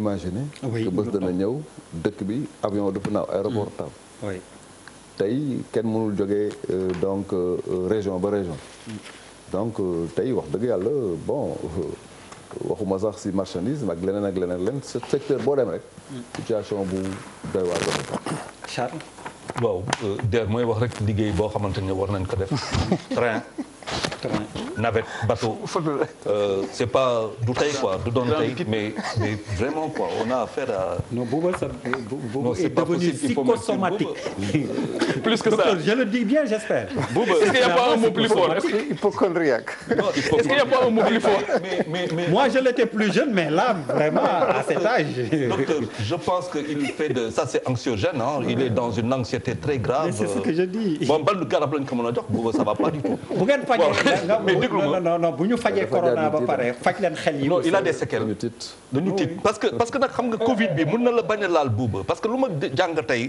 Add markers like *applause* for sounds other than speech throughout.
imaginer que bés dana ñëw dëkk bi avion du fi naaw aéroport mm. taw tey kenn mënul joge euh, donc euh, région ba région mm. donc euh, tey wax dëgg yàlla bon waxuma sax si marchandise ak leneen ak leneen leneen secteur boo dem rek mm. situation bu doy waar Charles waaw der mooy wax rek liggéey boo xamante ne war nañ ko def *laughs* navette bateau euh, c'est pas du tey quoi du doon tey mais mais vraiment quoi on a affaire à. non boobu ça psychosomatique. *laughs* plus que ça je le dis bien j'espère. est-ce qu'il y a pas un mot plus fort hypochondriaque. non est mais mais mais moi je l'étais plus jeune mais là vraiment à cet âge. docteur je pense que il fait de ça c'est anxiogène hein il est dans une anxiété très grave. mais c'est ce que je dis. bon ban garab lañ a jox boobu ça va pas du tout. fajee mais déglu bu ñu fajee corona ba pare faj leen xel yi. non il a des séquelles dañu tiit parce que nag xam nga Covid bi mun na la bañ a laal buuba parce que lu ma jàng tey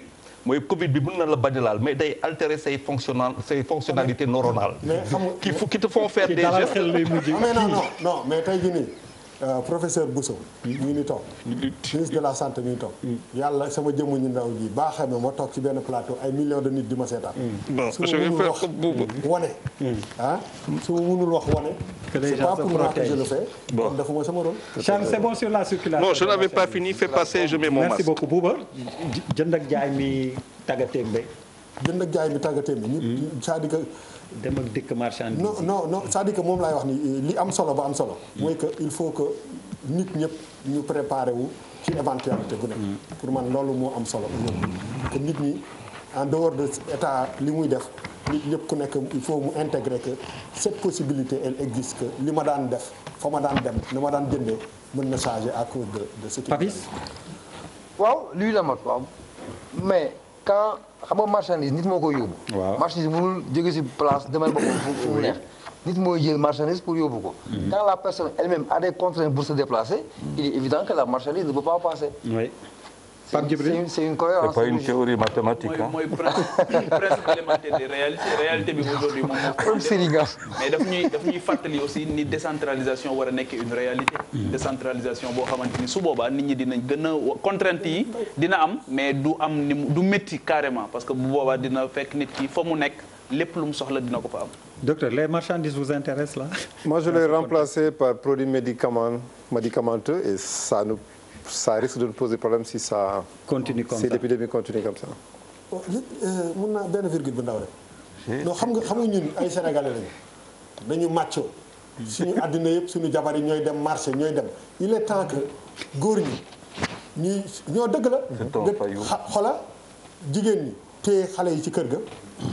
mooy Covid bi mun na la bañ laal mais day altérer say fonctionnal say fonctionnalités te font faire des gestes. Ah, non non non mais tey jii Euh, professeur Bousso mu ngi toog ministre de la santé mi ngi toog yàlla sama jëmm ñu ndaw ji baa xamee ma toog ci benn plateau ay millions de nit di ma seetaan mm. su ma mënul wax wane mm. ah su ma mënul wax wane c'est pas pour moi que je le fais bon dafa ma sama rôle Charles c'est bon sur la circulation non je n'avais pas fini fais passer je mets mon masque merci beaucoup Bouba jënd ak jaay mi tàggatéem bi jënd ak jaay mi tàggatéem bi mm. c'est-à-dire que dem ak dikk marchandise non non non cest à moom laay wax ni li am solo ba am solo. Mm. mooy que il faut que nit ñëpp ñu préparer wu ci éventualité bu nekk. Mm. pour man loolu moo am solo. que nit ñi en dehors de état li muy def nit ñëpp ku nekk il faut mu intégrer que cette possibilité elle existe que li ma daan def fa ma daan dem nu ma daan jëndee mën na changer à cause de de ce qui. waaw luy la ma mais. quand xam nga marchandise nit moo ko yóbbu. waaw marchandise mënul jóge si place demal boppam fu mu neex. nit mooy jël marchandise pour yóbbu ko. Mhm. quand la personne elle-même a des contraintes pour se déplacer. il est évident que la marchandise ne peut pas passer. Oui. Pape Djibril c'est une cohérence c'est pas une théorie mathématique ah. mooy mooy principe élémentaire de réalité réalité bi aujourd'hui moom mais daf ñuy daf ñuy fàttali aussi ni décentralisation war nekk une réalité. décentralisation boo xamante ni su boobaa nit ñi dinañ gën a contrainte yi dina am mais du am ni mu du métti carrément parce que bu boobaa dina fekk nit ki fa mu nekk lépp lu mu soxla dina ko fa am. docteur les marchandises vous intéressent la moi je l'ai remplacé par produits médicament médicamenteux et ça nous. ça risque de nous poser problème si sa continue comme ça si l'épidémie continue comme ça. bon oh, euh, naa benn virgule bu ndaw rek. non xam nga xam nga ñun ay sénégalais lañu dañu màccoo. suñu àddina yëpp suñu jabar yi ñooy dem marché ñooy dem il est temps góor ñi ñuy ñoo dëgg la. nga xola jigéen ñi téye xale yi ci kër ga.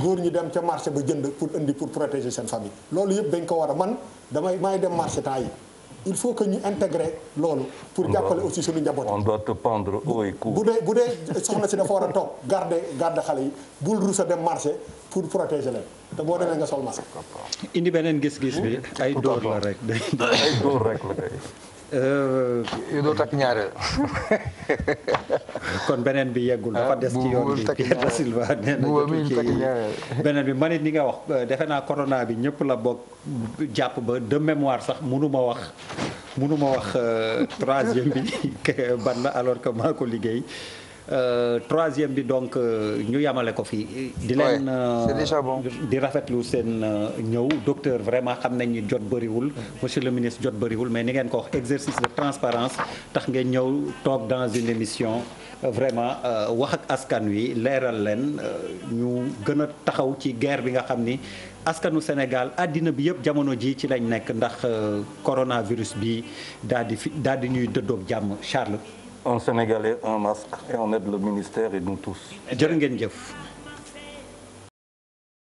góor ñi dem ca marché ba jënd pour indi pour protéger seen famille. loolu yëpp dañ ko war a man damay maay dem marché temps yi. il faut que ñu intégrer loolu. pour jàppale aussi suñu njaboot. on doit te pendre haut et court. bu dee bu dee soxna si dafa war a toog garde garde xale yi bul rus a dem marché pour protéger leen te boo demee nga sol masque. indi beneen gis-gis bi ay dóor la rek. ay dóor rek la kay. yow doo takk ñaareel. *laughs* kon beneen bi yeggul dafa des ci yoon bi Pierre Silva na jotul ci beneen bi man it nga wax euh, defe naa corona bi ñëpp la bokk jàpp ba de mémoire sax mënuma wax mënuma wax euh, troisième bi *laughs* ban la alors que maa ko liggéey Euh, troisième bi donc euh, ñu yamale ko fii. di leen euh, di rafetlu seen ñëw docteur vraiment xam nañ ni jot bariwul monsieur le ministre jot bëriwul mais ni ngeen ko wax exercice de transparence tax ngeen ñëw toog dans une émission. vraiment wax ak askan wi leeral leen ñu gën a taxaw ci guerre bi nga xam ni askanu Sénégal àddina bi yëpp jamono ji ci lañ nekk ndax coronavirus bi daal di fi daal di ñuy dëddoog jàmm Charles. un Sénégalais, un masque, et on aide le ministère et nous tous. jërë ngeen jëf.